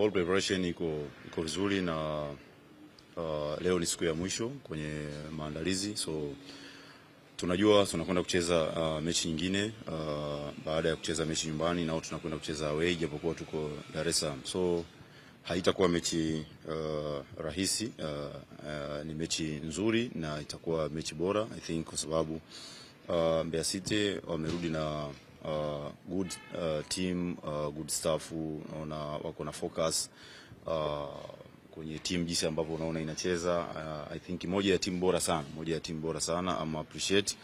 all preparation iko iko vizuri na uh, leo ni siku ya mwisho kwenye maandalizi so tunajua tunakwenda kucheza uh, mechi nyingine uh, baada ya kucheza mechi nyumbani nao tunakwenda kucheza away japokuwa tuko Dar es Salaam so haitakuwa mechi uh, rahisi uh, uh, ni mechi nzuri na itakuwa mechi bora I think kwa sababu uh, Mbeya City wamerudi na uh, good uh, team uh, good staff unaona wako na focus uh, kwenye team jinsi ambavyo unaona inacheza uh, I think moja ya team bora sana, moja ya team bora sana am appreciate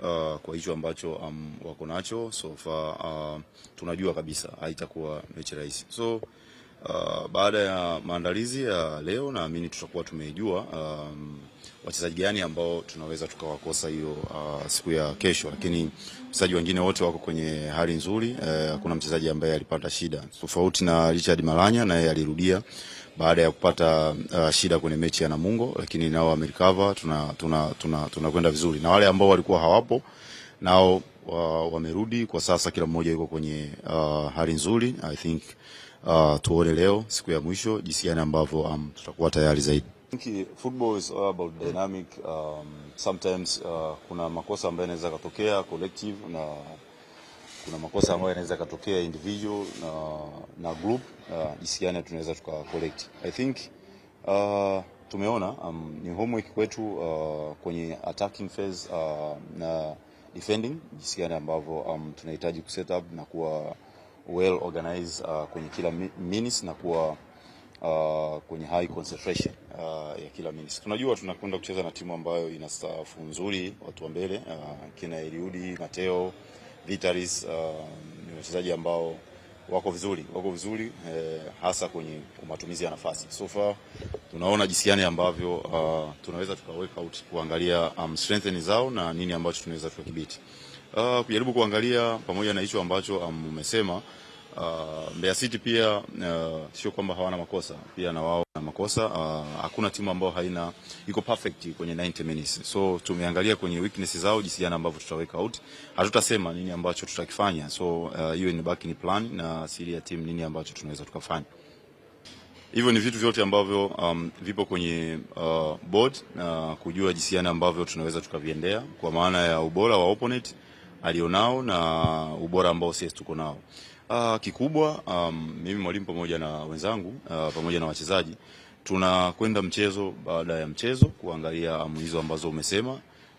uh, kwa hicho ambacho um, wako nacho so far uh, tunajua kabisa haitakuwa mechi rahisi so uh, baada ya maandalizi ya leo naamini tutakuwa tumejua um, wachezaji gani ambao tunaweza tukawakosa hiyo uh, siku ya kesho, lakini wachezaji wengine wote wako kwenye hali nzuri. Uh, hakuna uh, mchezaji ambaye alipata shida, tofauti na Richard Malanya, naye alirudia baada ya kupata uh, shida kwenye mechi ya Namungo, lakini nao wamerecover. Tunakwenda tuna, tuna, tuna vizuri, na wale ambao walikuwa hawapo nao uh, wamerudi. Kwa sasa kila mmoja yuko kwenye uh, hali nzuri. I think uh, tuone leo siku ya mwisho jinsi gani ambavyo um, tutakuwa tayari zaidi think Football is all about dynamic. Um, sometimes uh, kuna makosa ambayo yanaweza katokea collective na kuna makosa ambayo yanaweza katokea individual na, na group uh, jinsi gani tunaweza tuka collect. I think uh, tumeona um, ni homework kwetu uh, kwenye attacking phase uh, na defending jinsi gani ambavyo um, tunahitaji kuset up na kuwa well organized uh, kwenye kila minutes na kuwa uh, kwenye high concentration uh, ya kila minutes. Tunajua tunakwenda kucheza na timu ambayo ina safu nzuri watu wa mbele uh, kina Eliudi, Mateo, Vitalis uh, ni uh, wachezaji ambao wako vizuri wako vizuri eh, hasa kwenye matumizi ya nafasi. So far tunaona jinsi gani ambavyo uh, tunaweza tukaweka out kuangalia um, strength zao na nini ambacho tunaweza tukakibiti uh, kujaribu kuangalia pamoja na hicho ambacho um, umesema Uh, Mbeya City pia uh, sio kwamba hawana makosa, pia na wao na makosa uh, hakuna timu ambayo haina iko perfect kwenye 90 minutes. So tumeangalia kwenye weaknesses zao jinsi gani ambavyo tutaweka out, hatutasema nini ambacho tutakifanya. So uh, hiyo uh, ni baki ni plan na siri ya timu, nini ambacho tunaweza tukafanya. Hivyo ni vitu vyote ambavyo um, vipo kwenye uh, board na uh, kujua jinsi gani ambavyo tunaweza tukaviendea kwa maana ya ubora wa opponent alionao na ubora ambao sisi tuko nao. Uh, kikubwa um, mimi mwalimu pamoja na wenzangu uh, pamoja na wachezaji tunakwenda mchezo baada ya mchezo kuangalia amu hizo ambazo umesema.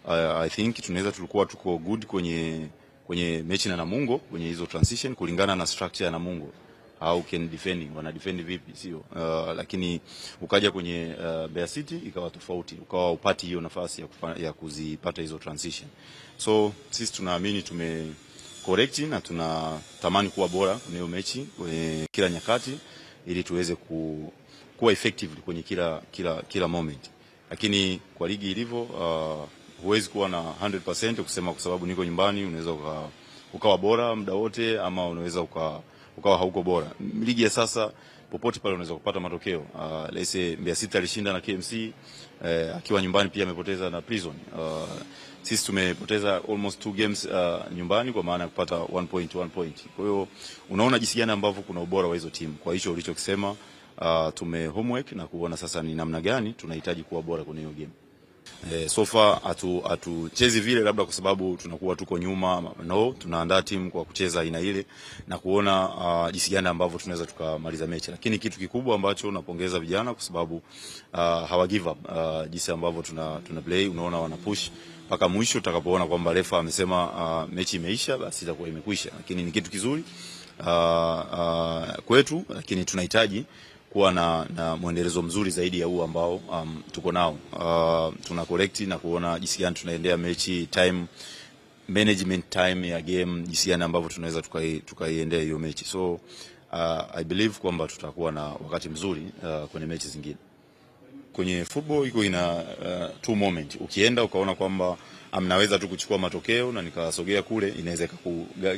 Uh, I think tunaweza tulikuwa tuko good kwenye, kwenye mechi na Namungo kwenye hizo transition kulingana na structure ya Namungo how can defending wana defend vipi, sio uh, lakini ukaja kwenye uh, Bear City ikawa tofauti, ukawa upati hiyo nafasi ya, ya kuzipata hizo transition. So sisi tunaamini tume correct na tunatamani kuwa bora kwenye hiyo mechi kwenye kila nyakati ili tuweze ku, kuwa effective kwenye kila, kila, kila moment, lakini kwa ligi ilivyo uh, huwezi kuwa na 100% kusema kwa sababu niko nyumbani, unaweza ukawa bora muda wote ama unaweza ukawa ukawa hauko bora. Ligi ya sasa popote pale unaweza kupata matokeo uh, ah, lese Mbeya City alishinda na KMC uh, eh, akiwa nyumbani pia amepoteza na Prison uh, sisi tumepoteza almost two games uh, nyumbani kwa maana ya kupata one point, one point. Kwa hiyo unaona jinsi gani ambavyo kuna ubora wa hizo timu. Kwa hicho ulichokisema, uh, tume homework na kuona sasa ni namna gani tunahitaji kuwa bora kwenye hiyo game. E, so hatuchezi vile, labda kwa sababu tunakuwa tuko nyuma. No, tunaandaa timu kwa kucheza aina ile na kuona uh, jinsi gani ambavyo tunaweza tukamaliza mechi, lakini kitu kikubwa ambacho napongeza vijana kwa sababu uh, hawa give up uh, jinsi ambavyo tuna, tuna play, unaona wana push mpaka mwisho. Utakapoona kwamba refa amesema uh, mechi imeisha, basi itakuwa imekwisha, lakini ni kitu kizuri uh, uh, kwetu, lakini tunahitaji kuwa na, na mwendelezo mzuri zaidi ya huu ambao um, tuko nao uh, tuna collect na kuona jinsi gani tunaendea mechi time management time ya game, jinsi gani ambavyo tunaweza tukaiendea tuka hiyo mechi so uh, I believe kwamba tutakuwa na wakati mzuri uh, kwenye mechi zingine kwenye football iko ina uh, two moment. Ukienda ukaona kwamba ah, mnaweza tu kuchukua matokeo na nikasogea kule, inaweza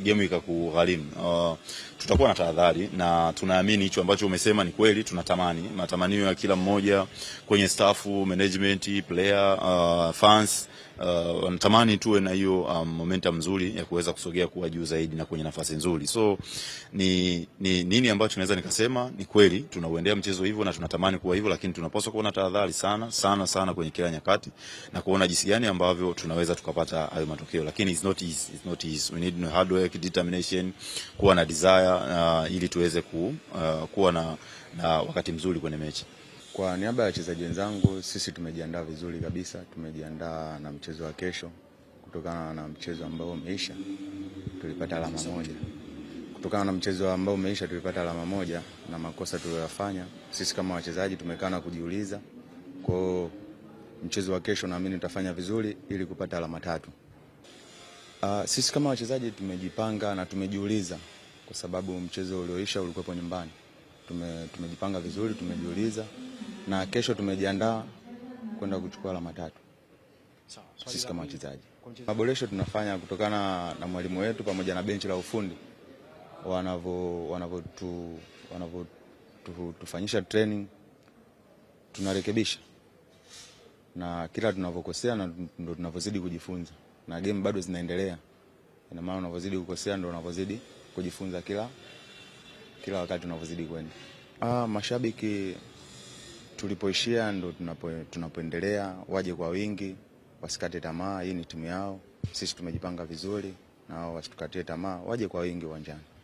game ikakugharimu. Uh, tutakuwa na tahadhari na tunaamini hicho ambacho umesema ni kweli. Tunatamani matamanio ya kila mmoja kwenye staff, management, player, uh, fans wanatamani uh, mtamani tuwe na hiyo um, momentum nzuri ya kuweza kusogea kuwa juu zaidi na kwenye nafasi nzuri. So ni, ni nini ambacho tunaweza nikasema ni kweli tunauendea mchezo hivyo na tunatamani kuwa hivyo, lakini tunapaswa kuona tahadhari sana sana sana kwenye kila nyakati na kuona jinsi gani ambavyo tunaweza tukapata hayo matokeo, lakini it's not easy, it's not easy. We need hard work, determination, kuwa na desire uh, ili tuweze ku, uh, kuwa na, na wakati mzuri kwenye mechi. Kwa niaba ya wachezaji wenzangu, sisi tumejiandaa vizuri kabisa, tumejiandaa na mchezo wa kesho. Kutokana na mchezo ambao umeisha, tulipata alama moja. Kutokana na mchezo ambao umeisha, tulipata alama moja na makosa tuliyoyafanya sisi kama wachezaji tumekaa na kujiuliza. Kwa mchezo wa kesho, naamini tutafanya vizuri ili kupata alama tatu. Uh, sisi kama wachezaji tumejipanga na tumejiuliza, kwa sababu mchezo ulioisha ulikuwa nyumbani tume, tumejipanga vizuri, tumejiuliza na kesho tumejiandaa kwenda kuchukua alama tatu sisi kama wachezaji. Maboresho tunafanya kutokana na mwalimu wetu pamoja na benchi la ufundi wanavyotufanyisha tu, training tunarekebisha na kila tunavyokosea ndo tunavyozidi kujifunza, na game bado zinaendelea. Ina maana unavyozidi kukosea ndo unavyozidi kujifunza kila kila wakati unavyozidi kwenda. Ah, mashabiki tulipoishia ndo tunapo, tunapoendelea. Waje kwa wingi, wasikate tamaa. Hii ni timu yao, sisi tumejipanga vizuri, na wao wasitukatie tamaa, waje kwa wingi uwanjani.